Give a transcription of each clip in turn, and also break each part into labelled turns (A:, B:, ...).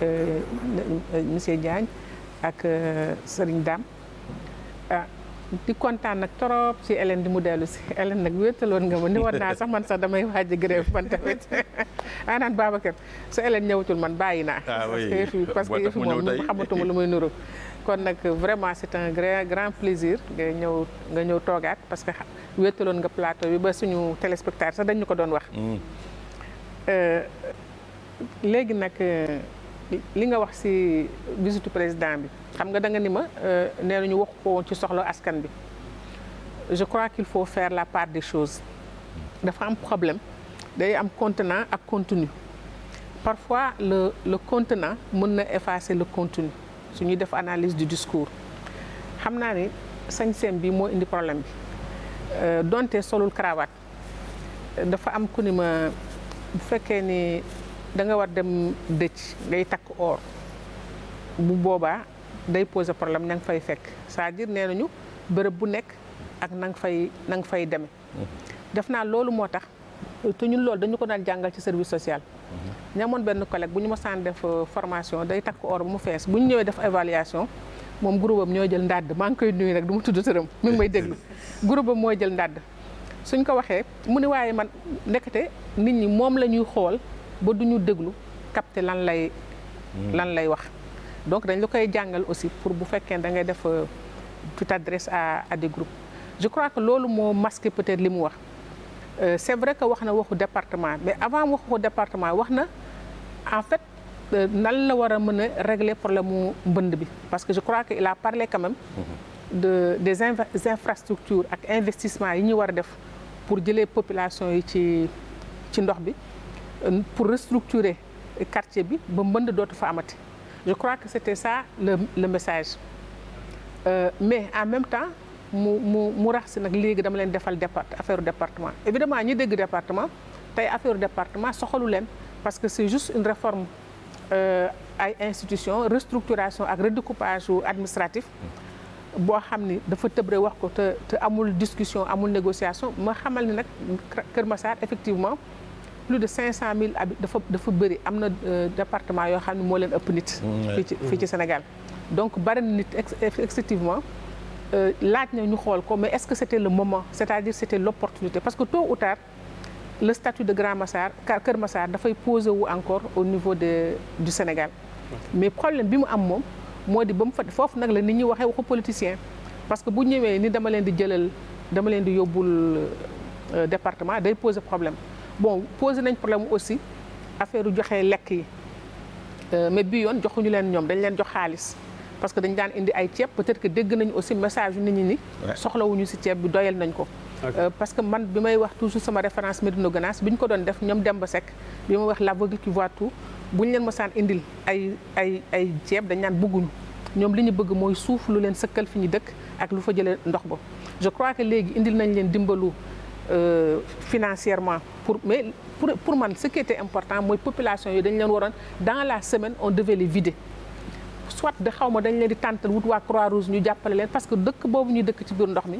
A: Euh, monsieur Diagne ak euh, Serigne Dame ah di kontaan nag trop ci Hélène di mu dellu si Hélène nag wéetaloon nga ma ni woon sax man sax damay waaj a grève man tamit ah naan Babacar su Hélène ñëwatul man bàyyi naa. Ah, parce que yëfi moom xamatuma lu muy nuru. kon nag vraiment c'est un grand plaisir nga ñëw nga ñëw toogaat parce que wéetaloon nga plateau bi ba suñu téléspectateur sax dañu ko doon wax. Mm. Euh, léegi nag. li nga wax ci visite président bi xam nga da nga ni ma euh, nee nañu waxu ko woon ci soxla askan bi je crois qu'il faut faire la part des choses dafa am problème day am contenant ak contenu parfois le le contenant mën na effacer le contenu su ñuy def analyse du discours xam naa ni sañ-sañ bi moo indi problème bi euh, donte solul cravate dafa am ku ni ma bu fekkee ni da nga war dem dëcc day takk or bu boobaa day poser problème na fay fekk saa à nee nañu bërëb bu nekk ak na nga fay na fay demee. Mhm. def naa loolu moo tax te ñun loolu dañu ko daan jàngal ci service social.
B: Mhm.
A: ñamoon benn collègue bu ñu ma saan def euh, formation day takk or bu mu fees bu ñu ñëwee def évaluation moom groupe am ñoo jël ndàdd maa ngi koy nuyu rek du ma tudd tëram mi may déglu groupe mooy jël ndàdd suñ ko waxee mu ne waaye man ndekete nit ñi moom la ñuy xool. ba du ñu déglu capter lan lay. lan lay wax. donc dañ la koy jàngal aussi pour bu fekkee da ngay def euh, tu t'adresses à à des groupes. je crois que loolu moo masqué peut-être li mu wax euh, c'est vrai que wax na waxu département mais avant waxu ko département wax na en fait euh, nan la war a mën a régler problème mu mbënd bi parce que je crois que il a parlé quand même. Mm-hmm. de des infrastructures ak investissement yi ñu war a def pour jëlee population yi ci ci ndox bi. Euh, pour restructurer quartier bi ba mbënd dootu fa amati je crois que c'était ça le le message euh, mais en même temps mu mu mu rax si nag léegi dama leen defal départ affaire département évidemment ñi dégg département tey affaire département soxalu leen parce que c'est juste une réforme euh, ay euh, institution restructuration ak redécoupage administratif boo xam ni dafa tëbre wax ko te te amul discussion amul négociation ma xamal ni nag Kër Massar effectivement plus de 500000 habitants dafa dafa bëri am na euh, département yoo xam ne moo leen ëpp nit. Mm, fii ci fii ci mm-hmm. Sénégal. donc bari na nit effectivement euh, laaj na ñu xool ko mais est-ce que c'était le moment c'est-à-dire c'était l'opportunité parce que tôt ou tard le statut de Grand Massar Kër Massar dafay poser wu encore au niveau de du Sénégal. mais problème bi mu am moom moo di ba mu fa foofu nag la nit ñi waxee waxu politicien parce que bu ñëwee ni dama leen di jëlal dama leen di yóbbul euh, département day poser problème. bon posé nañ problème aussi affaire joxe lekk yi euh, mais bi yoon joxuñu leen ñoom dañ leen jox xaalis parce que dañ daan indi ay ceeb peut-être que dégg nañ aussi message yu nit ñi ni soxlawuñu si ceeb bi doyal nañ ko euh, parce que man bi may wax toujours sama référence Médina Gounass bi ñu ko doon def ñoom Demba Seck bi may wax l'aveugle qui voit bu ñu leen mosaan indil ay ay ay ceeb dañ naan bëgguñu ñoom li ñu bëgg mooy suuf lu leen sëkkal fi ñu dëkk ak lu fa jëlee ndox ba je crois que léegi indil nañ leen dimbalu euh, financièrement pour mais pour pour man ce qui était important mooy population yi dañ leen waroon dans la semaine on devait les vider soit de xaw ma dañ leen di tàntal wut waa croix rouge ñu jàppale leen parce que dëkk boobu ñu dëkk ci biir ndox mi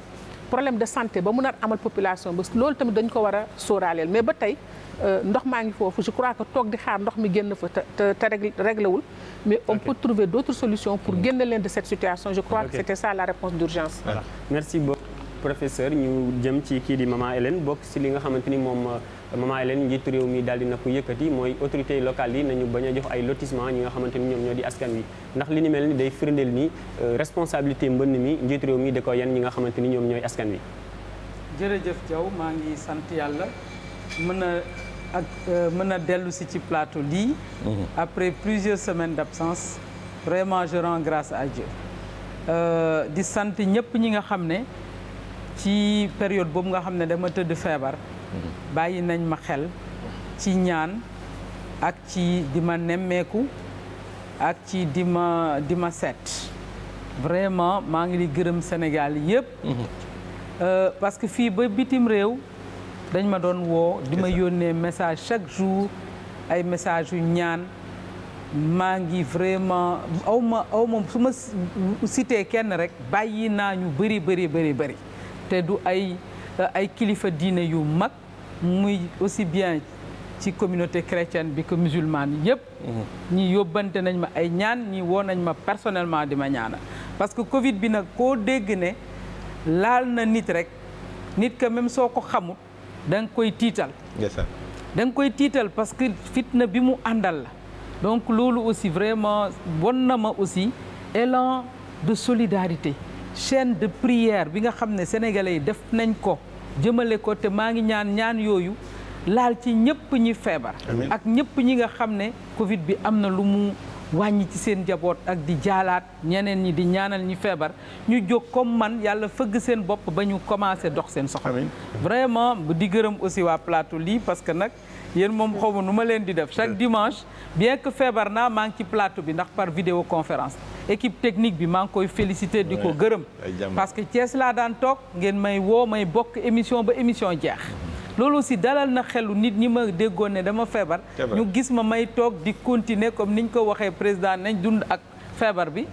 A: problème de santé ba mu a amal population ba loolu tamit dañ ko war a sóoraaleel mais ba tey euh, ndox maa ngi foofu je crois que toog di xaar ndox mi génn fa te te te réglé wul mais on okay. peut trouver d'autres solutions pour mmh. leen de cette situation je crois okay. que professeur ñu jëm ci kii di Maman Hélène bokk si li nga xamante ni moom euh, Maman Hélène njiitu réew mi daal di na ko yëkkati mooy autorités local yi nañu bañ a jox ay lotissement ñi nga xamante ni ñoom ñoo di askan wi ndax li ni mel ni day firndeel ni euh, responsabilité mbënn mi njiitu réew mi da ko yan ñi nga xamante ni ñoom ñooy askan
B: jërëjëf Diaw maa ngi sant yàlla mën a ak euh, mën a dellu si ci plateau lii mhm. après plusieurs semaines d'absence vraiment je rends grâce à Dieu di sant ñëpp ñi nga xam ne ci période boobu nga xam ne dama tëdd feebar mhm. bàyyi nañ ma xel ci ñaan ak ci di ma nemmeeku ak ci di ma di ma seet vraiment maa ngi di gërëm Sénégal yëpp mhm. euh, parce que fii ba bitim réew dañ ma doon woo di ma yónnee message chaque jour ay message yu ñaan maa ngi vraiment aw ma aw ma su ma cité kenn rek bàyyi naa ñu bëri bëri bëri bëri te du ay ay kilifa diine yu mag muy aussi bien ci communauté chrétienne bi que musulmane yëpp. Mm-hmm. ñi yóbbante nañ ma ay ñaan ñi woo nañ ma personnellement di ma ñaanal parce que Covid bi nag koo dégg ne laal na nit rek nit que même soo ko xamut da nga koy tiital.
A: da
B: nga koy tiital parce que fitna bi mu àndal la donc loolu aussi vraiment won na ma aussi élan de solidarité. chaine de prière bi nga xam ne sénégalais yi def nañ ko jëmale ko te maa ngi ñaan ñaan yooyu laal ci ñëpp ñi feebar ak ñëpp ñi nga xam ne covid bi am na lu mu wàññi ci seen njaboot ak di jaalaat ñeneen ñi di ñaanal ñi feebar ñu jóg comme man yàlla fëgg seen bopp ba ñu commencé dox seen soxla vraiment di gërëm aussi waa plateau lii parce que nag yéen moom xawma nu ma leen di def chaque dimanche bien que feebar naa maa ngi ci plateau bi ndax par vidéoconférence équipe technique bi maa ngi koy féliciter di ko gërëm parce que Thiès laa daan toog ngeen may woo may bokk émission ba émission jeex mm-hmm. loolu aussi dalal na xelu nit ñi ma déggoon ne dama feebar ñu gis ma may toog di continuer comme niñ ko waxee président nañ dund ak feebar bi